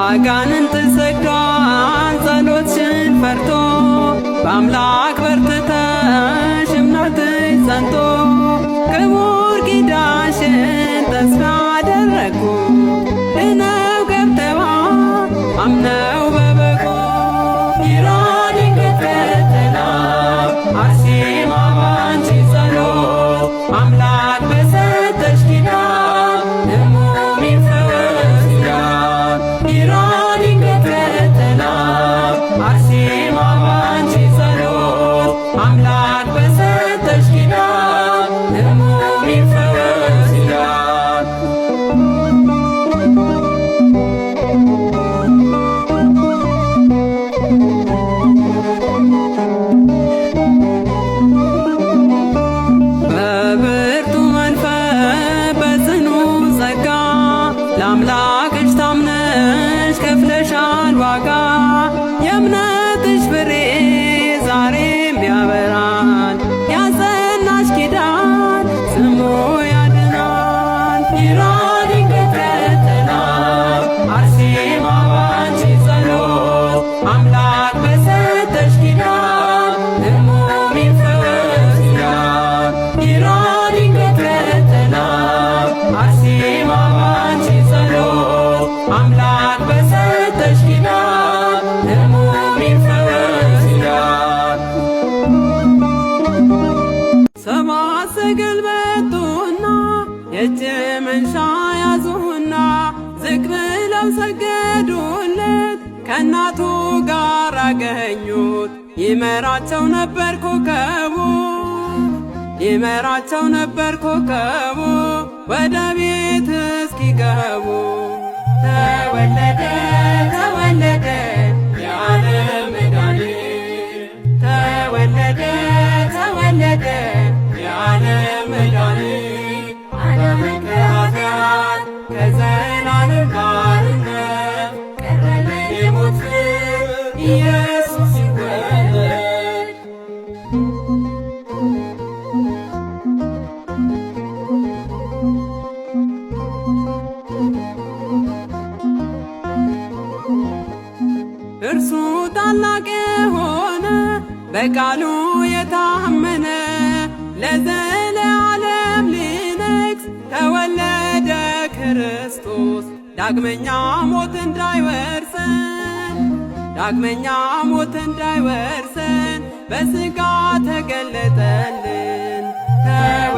አጋንንት ሰዷን ጸሎትሽን ፈርቶ በአምላክ በርትተሽ እምነትሽ ጸንቶ ክቡር ኪዳንሽን ተስፋ አደረጉ ድነው ገብተዋ አምነው በበጎ ኢራን አርሴማ ባንቺ ጸሎት አምላክ በሰጠሽ ኪዳን ሕሙም ይፈወስ በብርቱ መንፈስ በጽኑ ጸጋ ለአምላክሽ ታምነሽ ከፍለሻል ዋጋ እጅ መንሻ ያዙና ዝቅ ብለው ሰገዱለት። ከእናቱ ጋር አገኙት ይመራቸው ነበር ኮከቡ ይመራቸው ነበር ኮከቡ ወደ ቤት እስኪገቡ ተወለደ ተወለደ የዓለም መድኃኒት ተወለደ ተወለደ የዓለም መድኃኒት እርሱ ታላቅ የሆነ በቃሉ የታመነ ለዘለዓለም ሊነግስ ተወለደ ክርስቶስ። ዳግመኛ ሞት እንዳይወርሰን ዳግመኛ ሞት እንዳይወርሰን በሥጋ ተገለጠልን።